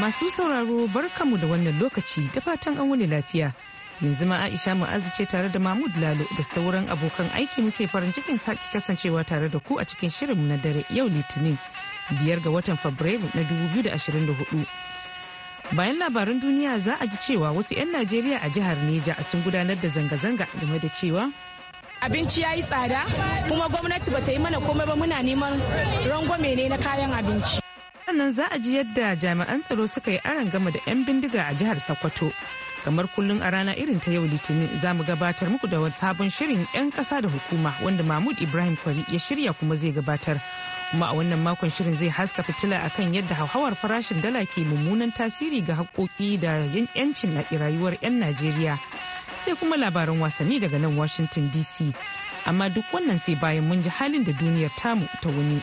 Masu sauraro barkamu da wannan lokaci da fatan an wani lafiya. Yanzu ma Aisha mu ce tare da Mahmud Lalo da sauran abokan aiki muke farin cikin sake kasancewa tare da ku a cikin shirin na dare yau Litinin biyar ga watan Fabrairu na da hudu. Bayan labaran duniya za a ji cewa wasu 'yan Najeriya a jihar Neja sun gudanar da zanga-zanga game da cewa abinci ya yi tsada kuma gwamnati ba ta yi mana komai ba muna neman rangwame ne na kayan abinci. sannan za a ji yadda jami'an tsaro suka yi aron gama da 'yan bindiga a jihar sokoto kamar kullum a rana irin ta yau litinin za mu gabatar muku da wani sabon shirin 'yan kasa da hukuma wanda mahmud ibrahim kwari ya shirya kuma zai gabatar kuma a wannan makon shirin zai haska fitila akan yadda hauhawar farashin dala ke mummunan tasiri ga haƙoƙi da yancin rayuwar 'yan najeriya sai kuma labaran wasanni daga nan washington dc amma duk wannan sai bayan mun ji halin da duniyar tamu ta wuni.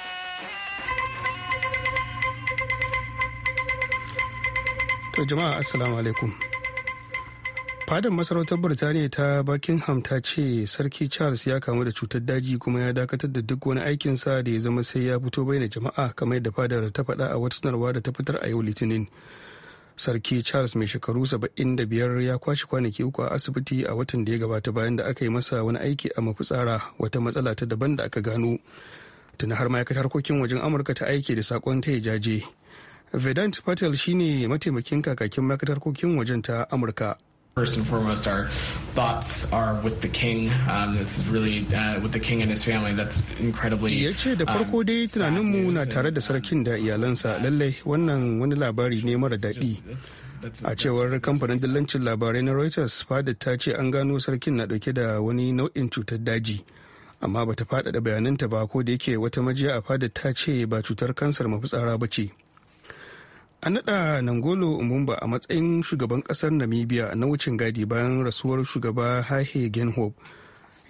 To jama'a assalamu alaikum. Fadin masarautar Birtaniya ta Buckingham ta ce Sarki Charles ya kamu da cutar daji kuma ya dakatar da duk wani aikinsa da ya zama sai ya fito bayyana jama'a kamar yadda fadar ta faɗa a wata sanarwa da ta fitar a yau Litinin. Sarki Charles mai shekaru 75 ya kwashe kwanaki uku a asibiti a watan da ya gabata bayan da aka yi masa wani aiki a mafitsara wata matsala ta daban da aka gano. Tuna har ma'aikatar harkokin wajen Amurka ta aiki da sakon ta jaje. vedant patel shine mataimakin kakakin ma'aikatar kokin wajen ta amurka First and foremost, Ya ce da um, farko dai tunaninmu na tare da sarkin da um, iyalansa lallai wannan wani labari ne mara daɗi. A cewar kamfanin dillancin labarai na Reuters, fada ta ce an gano sarkin na ɗauke da wani nau'in cutar daji. Amma bata faɗaɗa bayananta ba ko da yake wata majiya a fada ta ce ba cutar kansar mafitsara ba ce. a naɗa nangolo umumba a matsayin shugaban ƙasar namibia na wucin gadi bayan rasuwar shugaba hahe genhob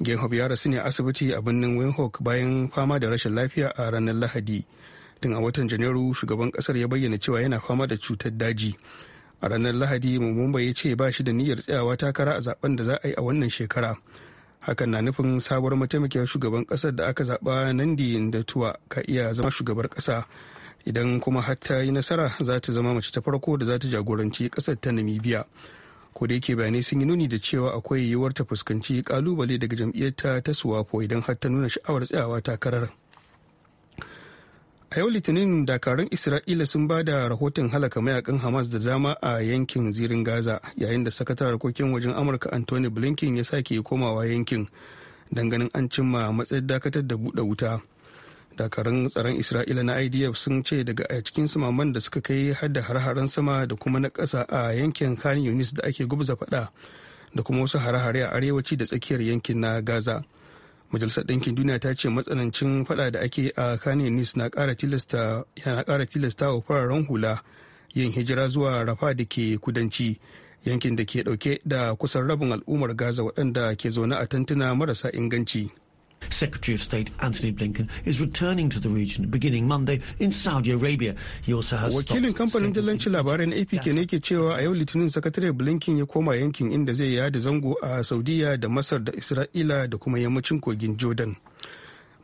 genhop ya rasu ne asibiti a birnin windhoek bayan fama da rashin lafiya a ranar lahadi tun a watan janairu shugaban ƙasar ya bayyana cewa yana fama da cutar daji a ranar lahadi mumumba ya ce ba shi da niyyar tsayawa takara a zaben da za a yi a wannan shekara hakan na nufin sabuwar mataimakiyar shugaban ƙasar da aka zaɓa nandi da tuwa ka iya zama shugabar ƙasa. idan kuma har ta yi nasara za ta zama mace ta farko da za ta jagoranci kasar ta namibia ko da yake bayanai sun yi nuni da cewa akwai yiwuwar ta fuskanci kalubale daga jam'iyyarta ta suwafo idan har ta nuna sha'awar tsayawa takarar a yau litinin dakarun isra'ila sun ba da rahoton halaka mayakan hamas da dama a yankin zirin gaza yayin da sakatar harkokin wajen amurka antony blinken ya sake komawa yankin danganin an cimma matsayin dakatar da buɗe wuta dakarun tsaron isra'ila na idf sun ce daga a cikin samaman da suka kai hada har-haren sama da kuma na kasa a yankin khan yunis da ake gubza fada da kuma wasu hare-hare a arewaci da tsakiyar yankin na gaza majalisar ɗinkin duniya ta ce matsanancin fada da ake a khan yunis na kara tilasta ƙara tilasta wa fararen hula yin hijira zuwa rafa da ke kudanci yankin da ke ɗauke da kusan rabin al'ummar gaza waɗanda ke zaune a tantuna marasa inganci Secretary of State Anthony Blinken is returning to the region beginning Monday in Saudi Arabia. He also has Wakilin kamfanin dillancin labaran AP ne ke cewa a yau Litinin sakatare Blinken ya koma yankin inda zai yada zango a Saudiya da Masar da Isra'ila da kuma yammacin kogin Jordan.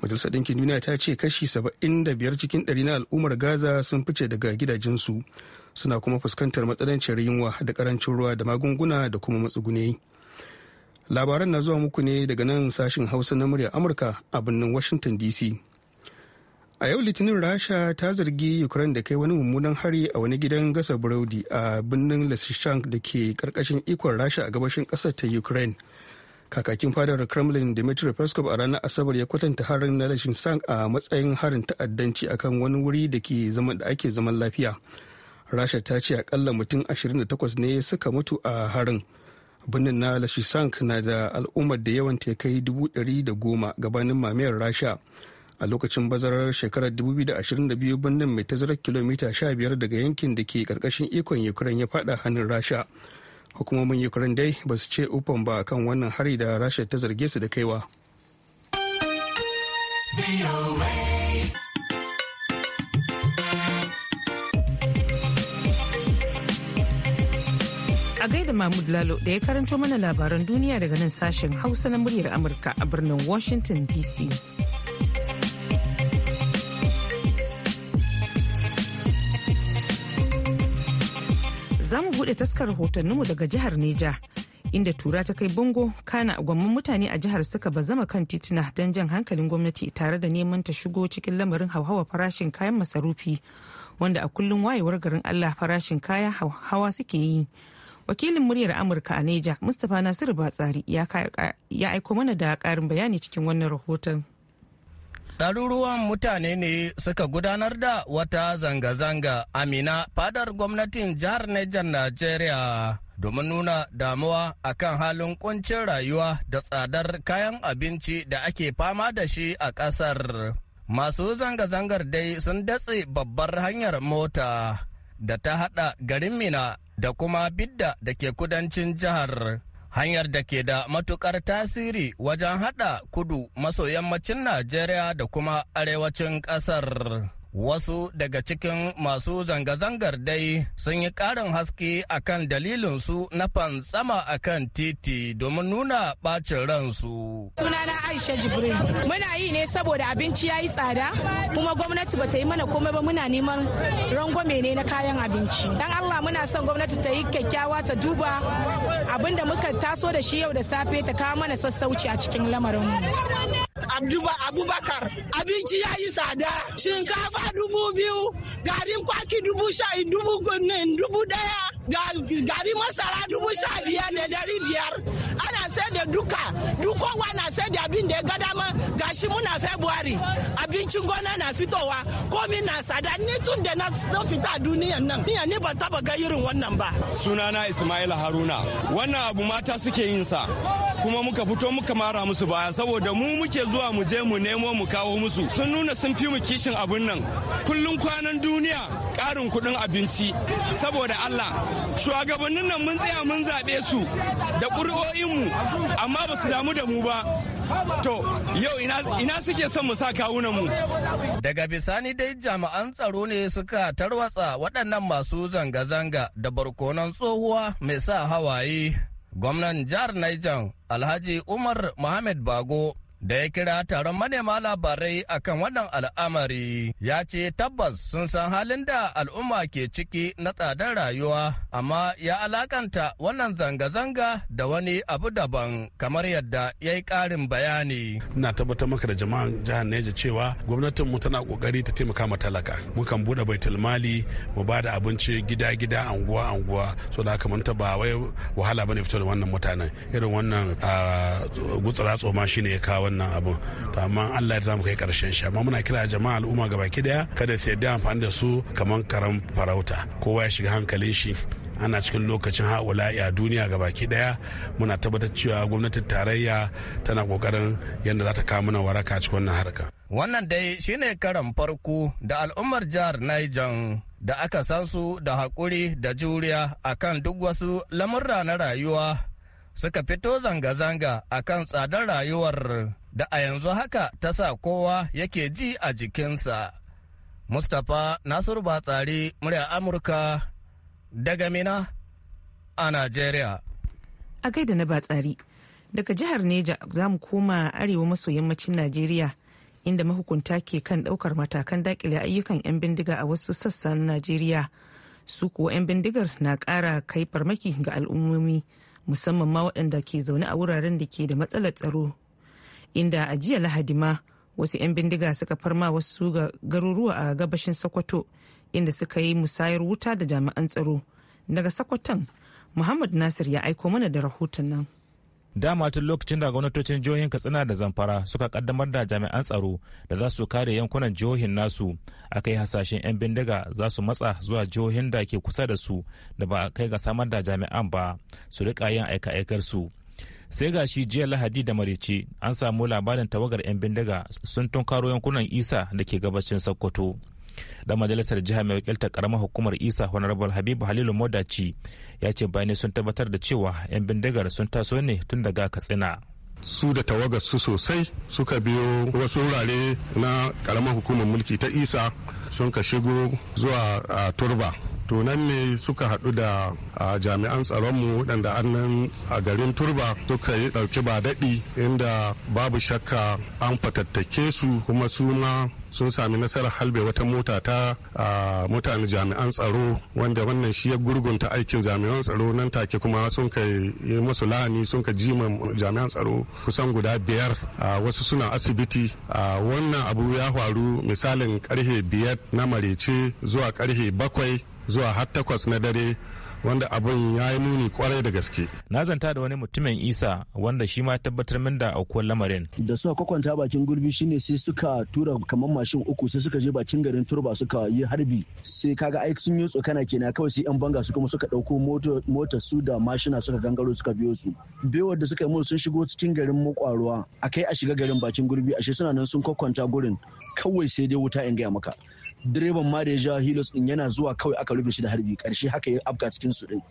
Majalisar dinkin Duniya ta ce kashi saba'in da biyar cikin ɗari na al'ummar Gaza sun fice daga gidajensu suna kuma fuskantar matsalar yunwa da karancin ruwa da magunguna da kuma matsuguni. labaran na zuwa muku ne daga nan sashen hausa na murya amurka a birnin washington dc a yau litinin rasha ta zargi ukraine da kai wani mummunan hari a wani gidan gasa burodi a birnin lysychansk da ke karkashin ikon rasha a gabashin kasar ta ukraine kakakin fadar kremlin dimitri peskov a ranar asabar ya kwatanta harin na lysychansk a matsayin harin ta'addanci akan wani wuri da ke zama da ake zaman lafiya rasha ta ce akalla mutum 28 ne suka mutu a harin birnin na lashisank na da al'ummar da yawan tekai kai dubu ɗari da goma gabanin mamiyar rasha a lokacin bazarar shekarar 2022 birnin mai tazarar kilomita 15 daga yankin da ke karkashin ikon ukraine ya fada hannun rasha hukumomin ukraine dai ba su ce ufan ba kan wannan hari da rasha ta zarge su da kaiwa. A gaida Mahmud Lalo da ya karanto mana labaran duniya daga nan sashen Hausa na muryar Amurka a birnin Washington DC. Za mu buɗe taskar hotonninmu daga jihar Neja. inda tura ta kai bango kana gwamman mutane a jihar suka bazama kan titina don jan hankalin gwamnati tare da neman ta shigo cikin lamarin hauhawa farashin kayan masarufi wanda a kullum wayewar garin allah farashin kaya hauhawa suke yi wakilin muryar amurka a neja mustapha nasiru batsari ya aiko mana da karin bayani cikin wannan rahoton ɗaruruwan mutane ne suka gudanar da wata zanga-zanga amina fadar gwamnatin jihar Nijar Najeriya domin nuna damuwa akan halin kuncin rayuwa da tsadar kayan abinci da ake fama da shi a ƙasar. Masu zanga-zangar dai sun datse babbar hanyar mota da ta haɗa garin Mina da kuma Bidda da ke kudancin jihar. Hanyar da ke da matukar tasiri wajen hada kudu maso yammacin Najeriya da kuma arewacin kasar. Wasu daga cikin masu zanga-zangar dai sun yi ƙarin haske akan dalilinsu na fantsama akan titi domin nuna ɓacin ransu. Sunana Aisha Jibril, muna yi ne saboda abinci ya yi tsada, kuma gwamnati ba ta yi mana komai ba muna neman rangwame ne na kayan abinci. Dan Allah muna son gwamnati ta yi kyakkyawa ta duba abin da muka taso da shi yau da safe ta kawo mana sassauci a cikin lamarin mu. abubakar abinci ya yi tsada shinkafa dubu biyu garin kwaki dubu sha dubu dubu daya gari masara dubu sha biyar da dari biyar ana sai da duka dukowa na sai da abin da ya ga dama gashi muna february abincin gona na fitowa komi na sada ni tun da na fita duniyan nan ni ni ban taba ga irin wannan ba sunana ismail haruna wannan abu mata suke yin sa kuma muka fito muka mara musu baya saboda mu muke zuwa mu je mu nemo mu kawo musu sun nuna sun fi mu kishin abun nan kullun kwanan duniya karin kudin abinci saboda allah shugabannin nan mun tsaya mun zaɓe su da ƙuri'o'inmu amma ba su damu da mu ba to yau ina suke son mu sa kawunan mu daga bisani dai jami'an tsaro ne suka tarwatsa waɗannan masu zanga-zanga da barkonon tsohuwa mai sa hawaye gwamnan jihar Niger alhaji umar mohamed bago da ya kira taron manema labarai akan wannan al'amari ya ce tabbas sun san halin da al'umma ke ciki na tsadar rayuwa amma ya alakanta wannan zanga-zanga da wani abu daban kamar yadda ya yi ƙarin bayani. Ina tabbatar maka da jama'an jihar Neja cewa gwamnatin mu tana kokari ta taimaka ma talaka. Mukan buɗe baitul mali mu ba abinci gida-gida anguwa-anguwa so da haka mun ba wai wahala bane fito da wannan mutanen irin wannan ah, gutsara tsoma shine ya kawo wannan abun to amma Allah ya zamu kai karshen shi amma muna kira jama'a al'umma gabaki daya kada su yadda amfani da su kamar karam farauta kowa ya shiga hankalin shi ana cikin lokacin haula'i a duniya ga baki daya muna tabbatar cewa gwamnatin tarayya tana kokarin yadda za ta kawo mana waraka cikin wannan harka wannan dai shine karan farko da al'ummar jihar niger da aka san su da hakuri da juriya akan duk wasu lamurra na rayuwa suka fito zanga-zanga akan tsadar rayuwar da a yanzu haka ta sa kowa yake ji a jikinsa. Mustapha Nasiru Batsari murya Amurka daga Mina a Najeriya. A gaida na Batsari, daga jihar Neja za mu koma arewa maso yammacin Najeriya inda mahukunta ke kan daukar matakan daƙile ayyukan 'yan bindiga a wasu sassan Najeriya. Su kuwa 'yan bindigar na kara kai farmaki ga al'ummomi musamman ma waɗanda ke zaune a wuraren da ke da matsalar tsaro inda a jiya lahadi ma wasu 'yan bindiga suka farma wasu garuruwa a gabashin sokoto inda suka yi musayar wuta da jami'an tsaro daga sokoton muhammad nasir ya aiko mana da rahoton nan dama tun lokacin da gwamnatocin jihohin katsina da zamfara suka kaddamar da jami'an tsaro da za su kare yankunan jihohin nasu aka yi hasashen 'yan bindiga za su matsa zuwa jihohin da ke kusa da su da ba a kai ga samar da jami'an ba su rika yin aika-aikar su sai ga shi jiya lahadi da marici an samu labarin tawagar 'yan bindiga sun tunkaro yankunan isa da ke gabashin sokoto da majalisar jiha mai wakiltar karamar hukumar isa honorable habibu halilu modaci ya ce bayanai sun tabbatar da cewa 'yan bindigar sun taso ne tun daga katsina su da tawagar su sosai suka biyo wasu wurare na karamar hukumar mulki ta isa sun ka shigo zuwa turba to nan ne suka haɗu da jami'an tsaronmu waɗanda annan a garin turba suka yi ɗauki ba daɗi inda babu shakka an fatattake su kuma su sun sami nasarar halbe wata mota ta mutane jami'an tsaro wanda wannan shi ya gurgunta aikin jami'an tsaro nan take kuma sun kai yi lahani sun ka jima jami'an tsaro kusan guda biyar wasu suna asibiti wannan abu ya faru misalin karhe biyar na marece zuwa karhe bakwai zuwa har takwas na dare wanda abin ya yi nuni kwarai da gaske. Na zanta da wani mutumin Isa wanda shi ma tabbatar min da aukuwar lamarin. Da suka kwakwanta bakin gurbi shine sai suka tura kamar mashin uku sai suka je bakin garin turba suka yi harbi sai kaga ai sun yi tsokana kenan kawai sai yan banga su kuma suka dauko mota su da mashina suka gangaro suka biyo su. Bewar da suka yi musu sun shigo cikin garin a akai a shiga garin bakin gurbi ashe suna nan sun kwakwanta gurin kawai sai dai wuta in gaya maka direban ma da ya ja hilos din yana zuwa kawai aka rufe shi da harbi karshe haka ya afka cikin su din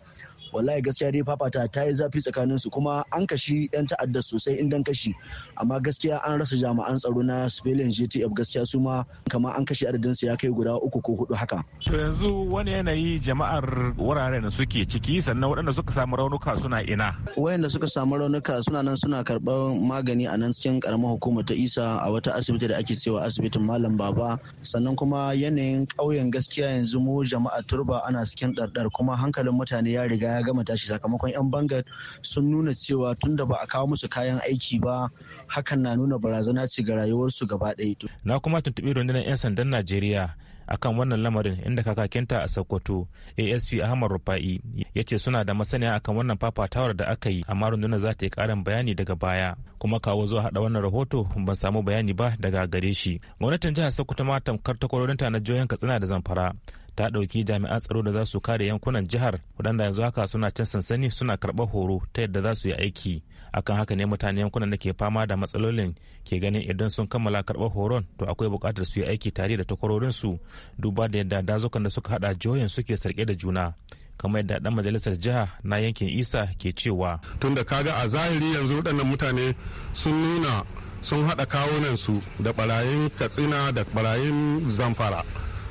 wallahi gaskiya dai fafata ta yi zafi tsakanin su kuma an kashi yan ta'adda sosai dan kashi amma gaskiya an rasa jami'an tsaro na civilian gtf gaskiya su ma kamar an kashi adadin su ya kai guda uku ko hudu haka to yanzu wani yanayi jama'ar wuraren suke ciki sannan waɗanda suka samu raunuka suna ina wayanda suka samu raunuka suna nan suna karɓar magani a nan cikin karamar hukumar ta isa a wata asibiti da ake cewa asibitin malam baba sannan kuma yanayin ƙauyen gaskiya yanzu mu jama'a turba ana cikin ɗarɗar kuma hankalin mutane ya riga ya gama tashi sakamakon 'yan bangar sun nuna cewa tun da ba a kawo musu kayan aiki ba hakan na nuna barazana ce ga rayuwarsu gaba ɗaya. Na kuma tuntuɓi rundunar 'yan sandan Najeriya akan wannan lamarin inda kakakinta a sokoto asp ahmad rufa'i ya ce suna da masaniya akan wannan fafatawar da aka yi amma rundunar za ta yi karin bayani daga baya kuma kawo zuwa hada wannan rahoto ban samu bayani ba daga gare shi gwamnatin jihar sokoto ma tamkar takwarorinta na ka katsina da zamfara ta ɗauki jami'an tsaro da za su kare yankunan jihar waɗanda yanzu haka suna cin sansani suna karɓar horo ta yadda za su yi aiki akan haka ne mutane yankunan da ke fama da matsalolin ke ganin idan sun kammala karɓar horon to akwai buƙatar su yi aiki tare da takwarorinsu duba da yadda dazukan da suka hada joyin suke sarke da juna kamar yadda dan majalisar jiha na yankin isa ke cewa tunda kaga a zahiri yanzu waɗannan mutane sun nuna sun haɗa kawunansu da barayin katsina da barayin zamfara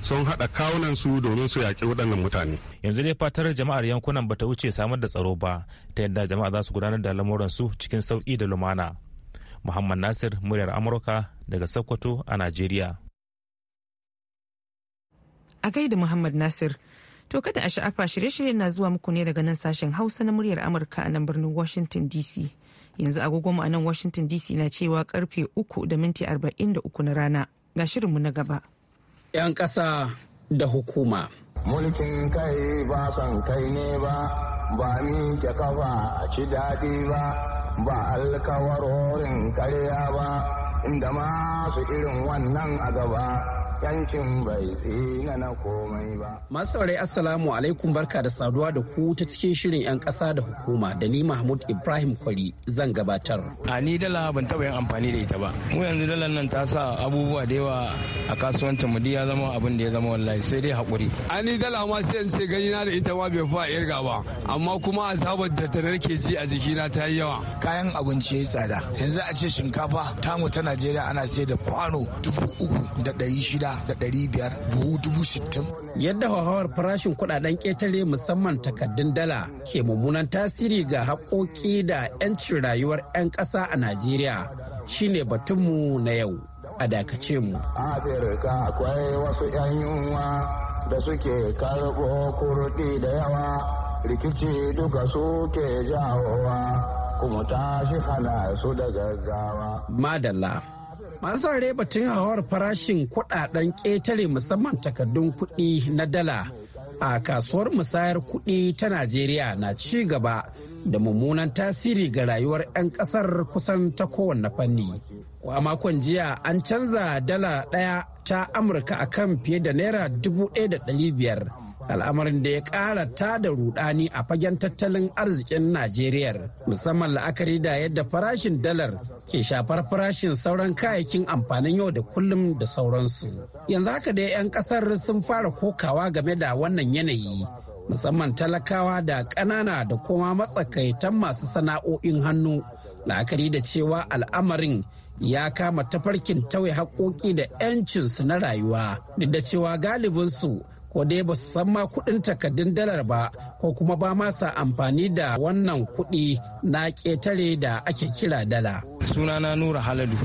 sun haɗa kawunansu domin su yaƙi waɗannan mutane yanzu dai fatar jama'ar yankunan bata wuce samar da tsaro ba ta yadda jama'a za su gudanar da lamuransu cikin sauƙi da lumana muhammad nasir muryar amurka daga sokoto a najeriya a gaida Muhammad Nasir. To kada a sha'afa shirye-shiryen na zuwa muku ne daga nan sashen Hausa na muryar Amurka a nan birnin Washington DC. Yanzu agogonmu a nan Washington DC na cewa karfe uku da minti arba'in na rana. Ga shirinmu na gaba. 'Yan ƙasa da hukuma. Mulkin kai ba kan kai ne ba, ba ni ke kafa a ci daɗi ba, ba alkawarorin karya ba, inda masu irin wannan a gaba. yankin bai tsina na komai ba. Masu saurayi Assalamu alaikum barka da saduwa da ku ta cikin shirin 'yan kasa da hukuma da ni Mahmud Ibrahim Kwari zan gabatar. A ni dala ban taɓa yin amfani da ita ba. Mu yanzu dala nan ta sa abubuwa da yawa a kasuwancin mu ya zama abin da ya zama wallahi sai dai haƙuri. A ni dala ma sai in ce ganina da ita ma bai fa irga ba amma kuma azabar da ta narke ji a jikina ta yi yawa. Kayan abinci ya tsada yanzu a ce shinkafa tamu ta Najeriya ana sayar da kwano dubu uku da ɗari shida Yadda hauhawar farashin kuɗaɗen ƙetare musamman takardun dala ke mummunan tasiri ga haƙoƙi da 'yancin rayuwar 'yan ƙasa a Najeriya shine batunmu na yau. A dakace mu. akwai wasu 'yan yunwa da suke karɓo kurɗi da yawa rikici duka suke jawowa kuma tashi hana su da gaggawa. Madalla. masu zare batun hawar farashin kudaden ƙetare musamman takardun kuɗi na dala a kasuwar musayar kuɗi ta najeriya na ci gaba da mummunan tasiri ga rayuwar 'yan ƙasar kusan ta kowanne fanni a makon jiya an canza dala ɗaya ta amurka akan fiye da naira dubu ɗaya da ɗari biyar al'amarin da ya ƙara ta da rudani a fagen tattalin arzikin najeriya musamman la'akari da yadda farashin dalar ke shafar farashin sauran kayayyakin amfanin yau da kullum da sauransu yanzu haka dai 'yan ƙasar sun fara kokawa game da wannan yanayi musamman talakawa da ƙanana da kuma matsakaitan masu sana'o'in hannu la'akari da cewa al'amarin ya kama tafarkin tauye haƙoƙi da 'yancinsu na rayuwa duk da cewa galibinsu ko dai ba su san ma kudin takardun dalar ba ko kuma ba masa amfani da wannan kudi na ƙetare da ake kira dala. sunana nura haladu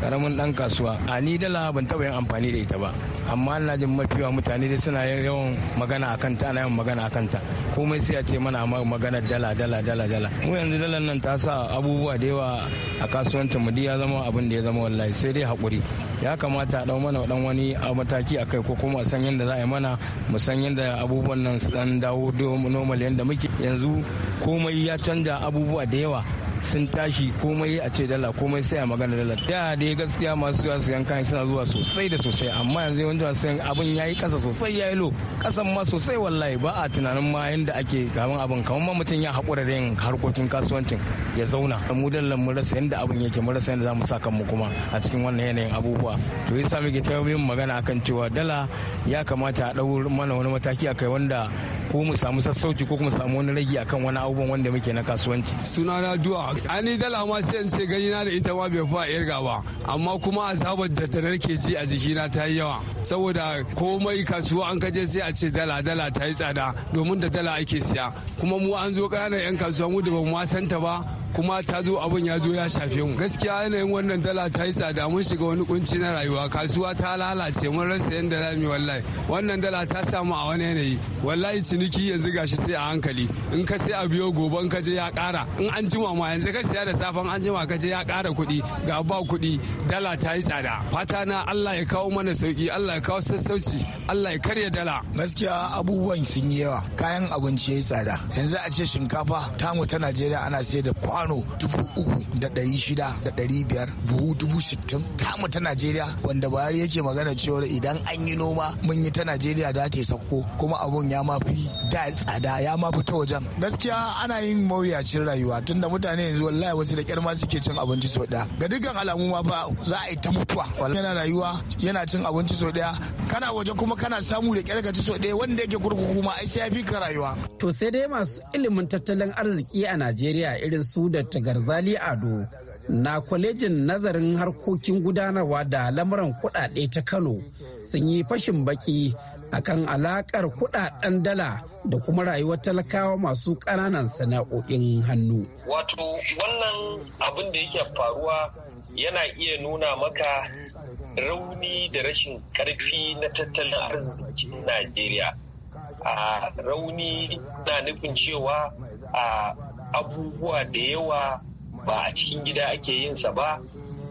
karamin dan kasuwa a ni dala ban taba yin amfani da ita ba amma ina jin mafiwa mutane da suna yawan magana a kanta ana yawan magana a ta komai sai a ce mana magana dala dala dala dala mu yanzu dalar nan ta sa abubuwa da yawa a kasuwancin mu ya zama abin da ya zama wallahi sai dai hakuri ya kamata a dau mana dan wani a mataki a ko kuma a san yadda za a yi mana mu san yadda abubuwan nan su dan dawo normal yanda muke yanzu komai ya canja abubuwa da yawa sun tashi komai a ce dala komai sai a magana dala da dai gaskiya masu yawa su suna zuwa sosai da sosai amma yanzu yawanci masu siyan abin yayi kasa sosai yayi lo kasan ma sosai wallahi ba a tunanin ma yanda ake gaban abin kamar ma mutum ya haƙura da yin harkokin kasuwancin ya zauna mu dala mu rasa yanda abin yake mu rasa yanda za mu sa kanmu kuma a cikin wannan yanayin abubuwa to yasa muke ke yin magana akan cewa dala ya kamata a ɗau mana wani mataki a kai wanda ko mu samu sassauci ko kuma samu wani ragi akan wani abubuwan wanda muke na kasuwanci sunana duwa ani dala ma sai ce gani na da ita ma bai fa irga ba amma kuma azabar da ta narke ji a jikina ta yi yawa saboda komai kasuwa an kaje sai a ce dala dala ta yi tsada domin da dala ake siya kuma mu an zo ƙananan 'yan kasuwa mu da ba mu santa ba kuma ta zo abin ya zo ya shafe mu gaskiya yanayin wannan dala ta yi tsada mun shiga wani kunci na rayuwa kasuwa ta lalace mun rasa yadda za mu yi wallahi wannan dala ta samu a wani yanayi wallahi ciniki yanzu gashi sai a hankali in ka sai a biyo gobe in ka je ya ƙara in an jima ma yanzu ka siya da safan an jima ka je ya kara kuɗi ga ba kuɗi dala ta yi tsada fata na Allah ya kawo mana sauki Allah ya kawo sassauci Allah ya karya dala gaskiya abubuwan sun yi yawa kayan abinci ya tsada yanzu a ce shinkafa tamu ta Najeriya ana sayar da kwano dubu uku da ɗari shida da ɗari biyar buhu dubu sittin tamu ta Najeriya wanda Buhari yake magana cewa idan an yi noma mun yi ta Najeriya da ta sauko kuma abun ya mafi da tsada ya mafi ta wajen gaskiya ana yin mawuyacin rayuwa tunda mutane yanzu wallahi wasu da kyar ma suke cin abinci sau daya ga dukkan alamu ma fa za a yi ta mutuwa yana rayuwa yana cin abinci sau daya kana waje kuma kana samu da kyar ka ci sau daya wanda yake kurkuku ma ai sai ya fi ka rayuwa to sai dai masu ilimin tattalin arziki a Najeriya irin su da tagarzali ado na kwalejin nazarin harkokin gudanarwa da lamuran kuɗaɗe ta kano sun yi fashin baki kan alakar kuɗaɗen dala da kuma rayuwar talakawa masu ƙananan sana'o'in hannu wato wannan abin da yake faruwa yana iya nuna maka rauni da rashin ƙarfi na tattalin arzikin najeriya a rauni na nufin cewa a abubuwa da yawa ba a cikin gida ake yin sa ba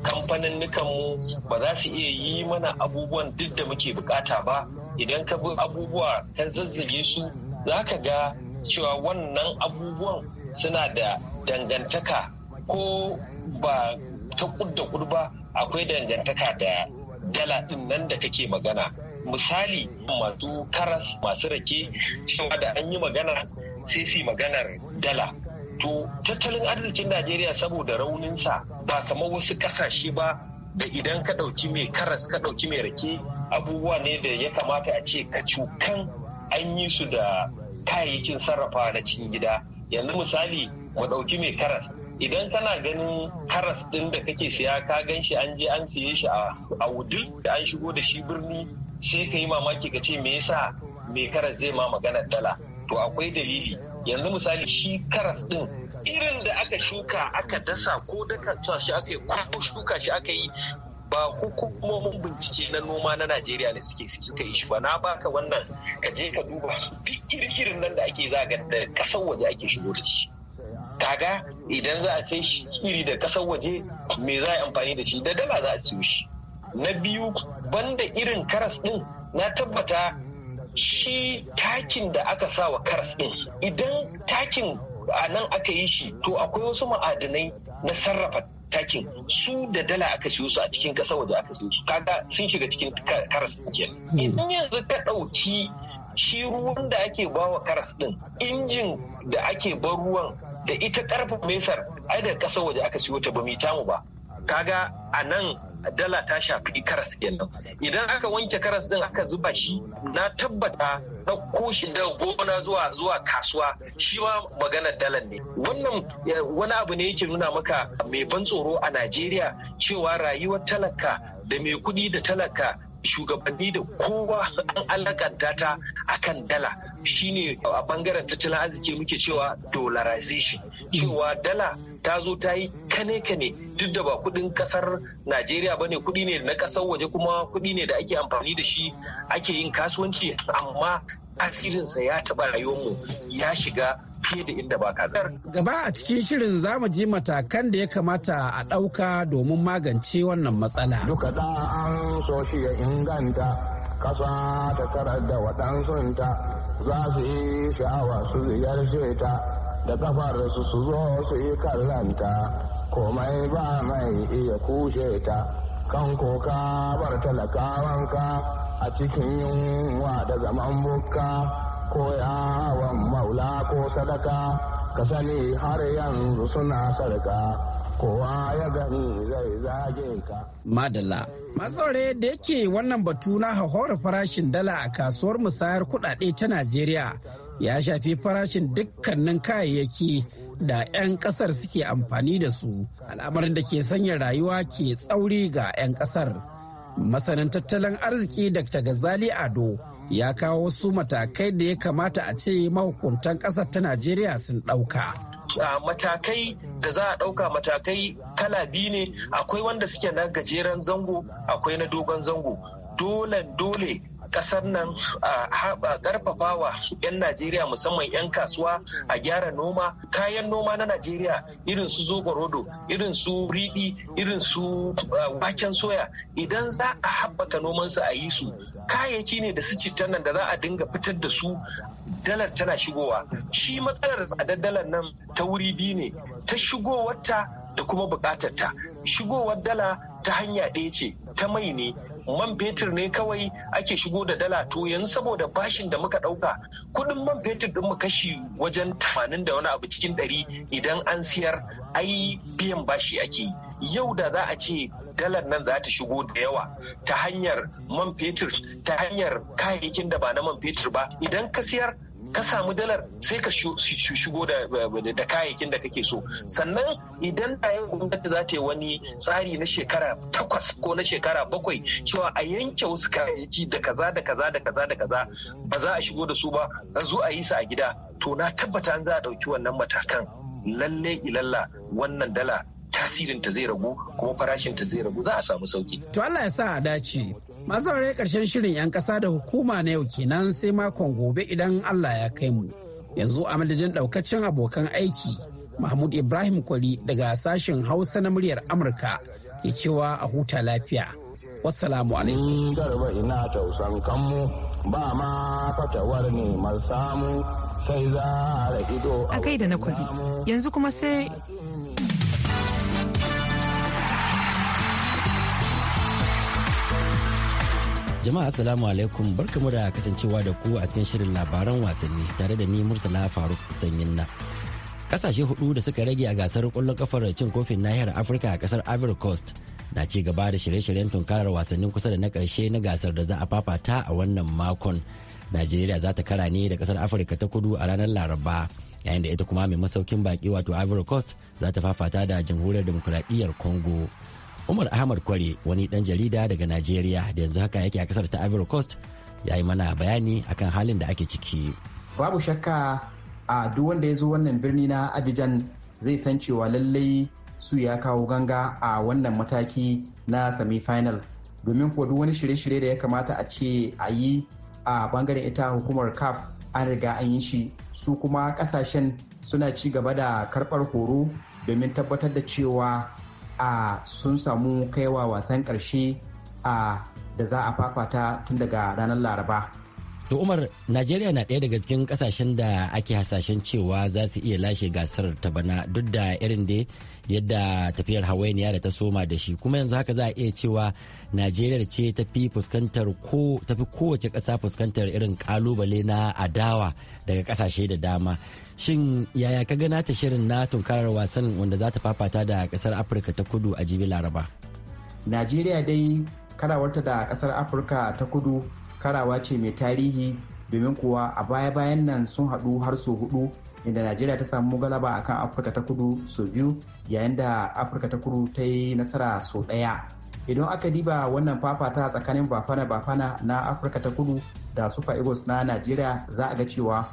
kamfanin mu ba za su iya yi mana abubuwan duk da muke bukata ba idan ka bi abubuwa ka zazzage su za ka ga cewa wannan abubuwan suna da dangantaka ko ba ta kudda ba akwai dangantaka da dala din nan da kake magana misali masu karas masu rake cewa da an yi magana sai su maganar dala to tattalin arzikin najeriya saboda rauninsa ba kamar wasu kasashe ba da idan ka ɗauki mai karas ka ɗauki mai rake abubuwa ne da ya kamata a ce ka cukan an yi su da kayayyakin sarrafa na cikin gida yanzu misali mu ɗauki mai karas idan kana ganin karas ɗin da kake siya ka gan shi an je an siye shi a wudil da an shigo da shi birni sai ka yi mamaki ka ce me yasa mai karas zai ma magana dala to akwai dalili yanzu misali shi karas din irin da aka shuka aka dasa ko daka shi aka yi ko shuka shi aka yi ba hukumomin bincike na noma na Najeriya ne suke suka yi shi ba na baka wannan ka je ka duba irin irin nan da ake za ga da kasar waje ake shigo da shi kaga idan za a sai shi iri da kasar waje me za a amfani da shi da dala za a siyo shi na biyu banda irin karas din na tabbata shi takin da aka sa wa karas ɗin idan takin a nan aka yi shi to akwai wasu ma'adanai na sarrafa takin su da dala aka siyo su a cikin ƙasa waje aka siyo su kaga sun shiga cikin karas kenan hmm. idan yanzu ka ɗauki shi ruwan da ake bawa karas ɗin, injin da ake bar ruwan da ita ƙarfin mesar ai da ƙasa waje aka siyo ta ba mu ba kaga a nan dala ta shafi karas kenan idan aka wanke karas din aka zuba shi na tabbata ɗauko shi da gona zuwa zuwa kasuwa shi ma maganar dalan ne wannan wani abu ne yake nuna maka mai ban tsoro a najeriya cewa rayuwar talaka da mai kuɗi da talaka shugabanni da kowa an alakanta ta akan dala shine a bangaren tattalin arziki muke cewa dolarization cewa dala ta zo ta yi kane kane duk da ba kudin kasar najeriya ba ne kudi ne na kasar waje kuma kudi ne da ake amfani da shi ake yin kasuwanci amma asirinsa ya taɓa rayuwarmu ya shiga fiye da inda ba kaza. Gaba a cikin shirin zamu ji matakan da ya kamata a ɗauka domin magance wannan matsala. Duka da an so shi ya inganta kasa ta karar da waɗansunta za su yi sha'awa su ziyarce ta da kafarsu su su zo su yi kallanta komai ba mai iya kushe ta kan koka bar talakawanka a cikin yunwa da zaman bukka ko yawon maula ko sadaka ka sani har yanzu suna sarka kowa ya gani zai zage ka madalla matsore da yake wannan batu na hauhawar farashin dala a kasuwar musayar kudade ta najeriya ya shafi farashin dukkanin kayayyaki da 'yan kasar suke amfani da su al'amarin da ke sanya rayuwa ke tsauri ga 'yan kasar masanin tattalin arziki dr gazali ado ya kawo wasu matakai da ya kamata a ce mahukuntan kasar ta najeriya sun ɗauka Uh, matakai da za a ɗauka matakai kala biyu ne akwai wanda suke na gajeren zango akwai na dogon zango dole dole kasar nan a karfafawa 'yan najeriya musamman 'yan kasuwa a gyara noma kayan noma na najeriya irin su zoborodo irin su riɗi irin su waken soya idan za a haɓaka nomansu a yi su kayayyaki ne da su citan nan da za a dinga fitar da su dalar tana shigowa shi matsalar tsadar dalar nan ta wuri biyu ne ta shigowarta da kuma ta shigowar dala ta hanya ɗaya ce ta mai ne man fetur ne kawai ake shigo da dala to yanzu saboda bashin da muka dauka kudin man fetur din mu kashi wajen tamanin da wani abu cikin ɗari idan an siyar ai biyan bashi ake yi yau da za a ce dalar nan za ta shigo da yawa ta hanyar man fetur ta hanyar kayayyakin da ba na man fetur ba idan ka siyar ka samu dalar sai ka shigo da kayayyakin da kake so sannan idan da yi gwamnati za ta yi wani tsari na shekara takwas ko na shekara bakwai cewa a yanke wasu kayayyaki da kaza da kaza da kaza da kaza ba za a shigo da su ba a zo a yi su a gida to na tabbata an za a ɗauki wannan matakan lalle ilalla wannan dala tasirinta zai ragu kuma farashinta zai ragu za a samu sauki. To Allah ya sa a dace. Masu aure karshen shirin 'yan ƙasa da hukuma na yau kenan sai makon gobe idan Allah ya kai mu. Yanzu a madadin ɗaukacin abokan aiki Mahmud Ibrahim Kwari daga sashen Hausa na muryar Amurka ke cewa a huta lafiya. Wassalamu alaikum. Mm, a A kai da na kwari yanzu kuma sai Jama'a Assalamu alaikum barkamu da kasancewa da ku a cikin shirin labaran wasanni tare da ni Murtala Faruk Sanyin na. Kasashe hudu da suka rage a gasar kwallon kafar cin kofin nahiyar Afirka a kasar Ivory Coast na ci gaba da shirye-shiryen tunkarar wasannin kusa da na karshe na gasar da za a fafata a wannan makon. Najeriya za ta kara ne da kasar Afirka ta kudu a ranar Laraba yayin da ita kuma mai masaukin baki wato Ivory Coast za ta fafata da jamhuriyar demokuraɗiyyar Congo. Umar Ahmad Kware wani dan jarida daga Najeriya da yanzu haka yake a kasar ta Ivory Coast ya yi mana bayani akan halin da ake ciki. Babu shakka a duk wanda ya zo wannan birni na Abidjan zai san cewa lallai su ya kawo ganga a wannan mataki na semi-final domin kuwa duk wani shirye-shirye da ya kamata a ce a yi a bangaren ita hukumar CAF an riga an yi shi su kuma kasashen suna ci gaba da karbar horo domin tabbatar da cewa a sun samu kaiwa wasan ƙarshe a da za a fafata tun daga ranar laraba To Umar, Najeriya na ɗaya daga cikin kasashen da ake hasashen cewa za su iya lashe gasar ta bana duk da irin da yadda tafiyar hawainiya da ta soma da shi kuma yanzu haka za a iya cewa Najeriya ce tafi fuskantar ko tafi kowace kasa fuskantar irin kalubale na adawa daga kasashe da dama. Shin yaya ka gana ta shirin na tunkarar wasan wanda za ta fafata da ƙasar Afirka ta kudu a jibi Laraba? Najeriya dai karawarta da kasar Afirka ta kudu karawa ce mai tarihi domin kuwa a baya-bayan nan sun haɗu har sau hudu inda najeriya ta samu galaba akan afirka ta kudu sau biyu yayin da afirka ta kudu ta yi nasara sau ɗaya idan aka diba wannan fafata tsakanin bafana-bafana na afirka ta kudu da super eagles na najeriya za a ga cewa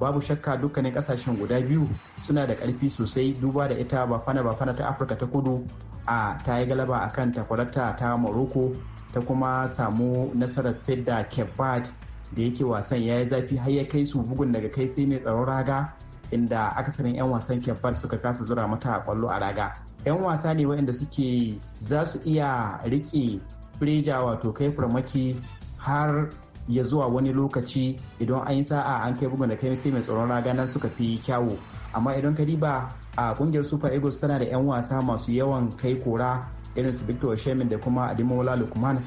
babu shakka dukkanin kasashen guda biyu suna da karfi sosai duba da ita bafana bafana ta afirka ta kudu a ta yi galaba akan takwarata ta morocco ta kuma samu nasarar fidda kebbat da yake wasan ya yi zafi har ya kai su bugun daga kai sai mai tsaron raga inda akasarin 'yan wasan kebbat suka kasa zura mata a kwallo a raga 'yan wasa ne waɗanda suke za su iya rike freja wato kai farmaki har ya zuwa wani lokaci idan an yi sa'a an kai bugun da kai sai mai tsaron raga nan suka fi kyawu amma idan ka riba a kungiyar super eagles tana da 'yan wasa masu yawan kai kora irin su victor shemin da kuma adimola lukman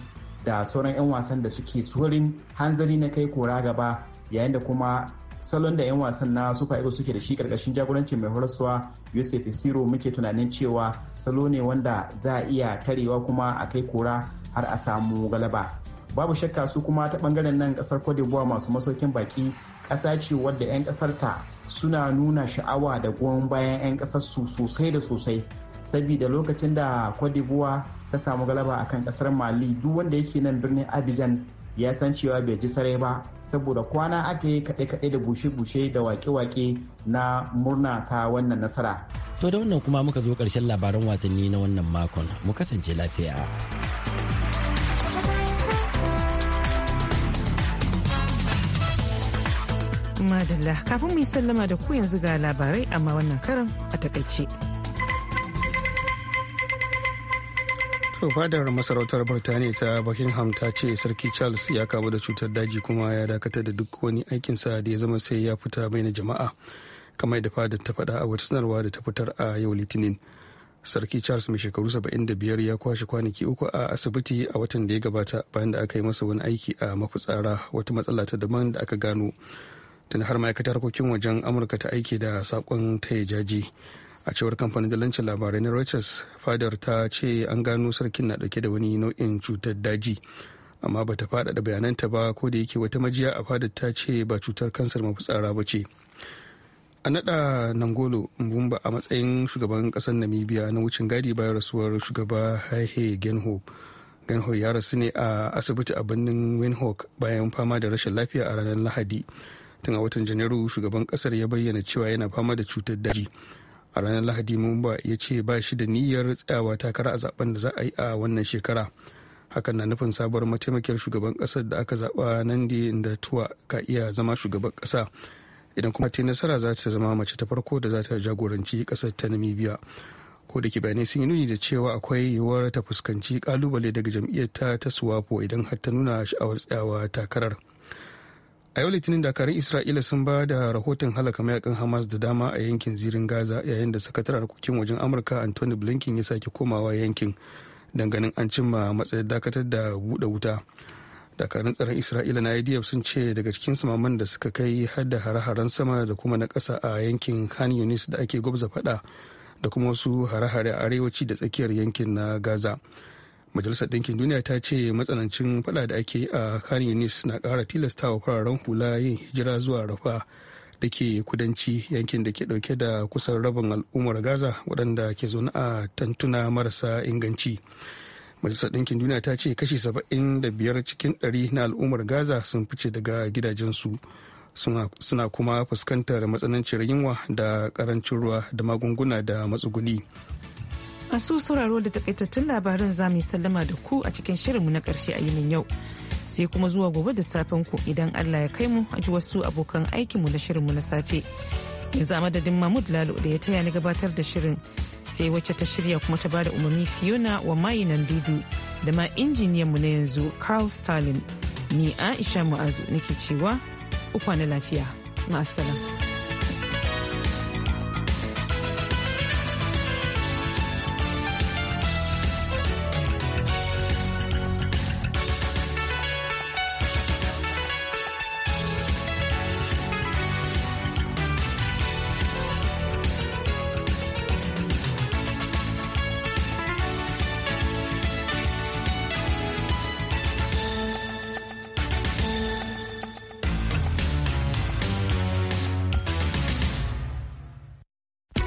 da sauran 'yan wasan da suke tsorin hanzari na kai kora gaba yayin da kuma salon da 'yan wasan na super eagles suke da shi karkashin jagorancin mai horaswa yusuf siro muke tunanin cewa salo ne wanda za a iya tarewa kuma a kai kora har a samu galaba babu shakka su kuma ta bangaren nan kasar kodewa masu masaukin baki kasa ce wadda 'yan kasar ta suna nuna sha'awa da goyon bayan 'yan ƙasarsu sosai da sosai sabida lokacin da kwadibuwa ta samu galaba akan ƙasar mali duk wanda yake nan birnin abijan ya san cewa bai ji sarai ba saboda kwana aka kaɗe-kaɗe da bushe-bushe da wake-wake na murna ta wannan nasara. To da wannan kuma muka zo ƙarshen labaran wasanni na wannan makon mu kasance lafiya. Madalla kafin mu yi sallama da ku yanzu ga labarai amma wannan karan a takaice. To fadar masarautar Birtaniya ta Buckingham ta ce Sarki Charles ya kamu da cutar daji kuma ya dakatar da duk wani aikinsa da ya zama sai ya fita bai na jama'a. Kamar da fadar ta faɗa a wata sanarwa da ta fitar a yau Litinin. Sarki Charles mai shekaru 75 ya kwashe kwanaki uku a asibiti a watan da ya gabata bayan da aka yi masa wani aiki a mafitsara wata matsala ta daban da aka gano. tun har ma'aikatar harkokin wajen amurka ta aiki da sakon taya jaji a cewar kamfanin dalancin labarai na reuters fadar ta ce an gano sarkin na dauke da wani nau'in cutar daji amma bata faɗaɗa bayananta ba ko da yake wata majiya a fadar ta ce ba cutar kansar mafitsara ba ce a naɗa nangolo mbumba a matsayin shugaban ƙasar namibia na wucin gadi bayan rasuwar shugaba haihe genho genho ya rasu ne a asibiti a birnin windhoek bayan fama da rashin lafiya a ranar lahadi tun a watan janairu shugaban kasar ya bayyana cewa yana fama da cutar daji a ranar lahadi mumba ya ce ba shi da niyyar tsayawa takara a zaben da za a yi a wannan shekara hakan na nufin sabuwar mataimakiyar shugaban kasar da aka zaba nan da tuwa ka iya zama shugaban kasa idan kuma ta nasara za ta zama mace ta farko da za ta jagoranci kasar ta namibia ko da ke bayanai sun yi nuni da cewa akwai yiwuwar ta fuskanci kalubale daga jam'iyyar ta ta suwapo idan har ta nuna sha'awar tsayawa takarar a yau litinin dakarun isra'ila sun ba da rahoton halaka mayakan hamas da dama a yankin zirin gaza yayin da sakataren harkokin wajen amurka anthony blinken ya sake komawa yankin danganin an cimma matsayin dakatar da buɗe wuta dakarun tsaron isra'ila na idf sun ce daga cikin samaman da suka kai har da hare-haren sama da kuma na ƙasa a yankin khan yunis da ake gwabza faɗa da kuma wasu hare-hare a arewaci da tsakiyar yankin na gaza majalisar ɗinkin duniya ta ce matsanancin fada da ake a khan yunis na ƙara wa fararen hula yin hijira zuwa rafa da ke kudanci yankin da ke ɗauke da kusan rabin al'ummar gaza waɗanda ke zaune a tantuna marasa inganci majalisar ɗinkin duniya ta ce kashi biyar cikin ɗari na al'ummar gaza sun fice daga gidajensu suna kuma fuskantar matsanancin yunwa da karancin ruwa da magunguna da matsuguni Masu sauraro da takaitattun labaran za mu yi sallama da ku a cikin shirinmu na karshe a yinin yau. Sai kuma zuwa gobe da safen ku idan Allah ya kai mu a ji wasu abokan aikinmu na shirinmu na safe. Yanzu a madadin Mahmud Lalo da ya taya ni gabatar da shirin sai wacce ta shirya kuma ta bada umarni Fiona wa mayinan dudu da ma injiniyan mu na yanzu Carl Stalin. Ni Aisha Mu'azu nake cewa, ku na lafiya. Ma'assalam.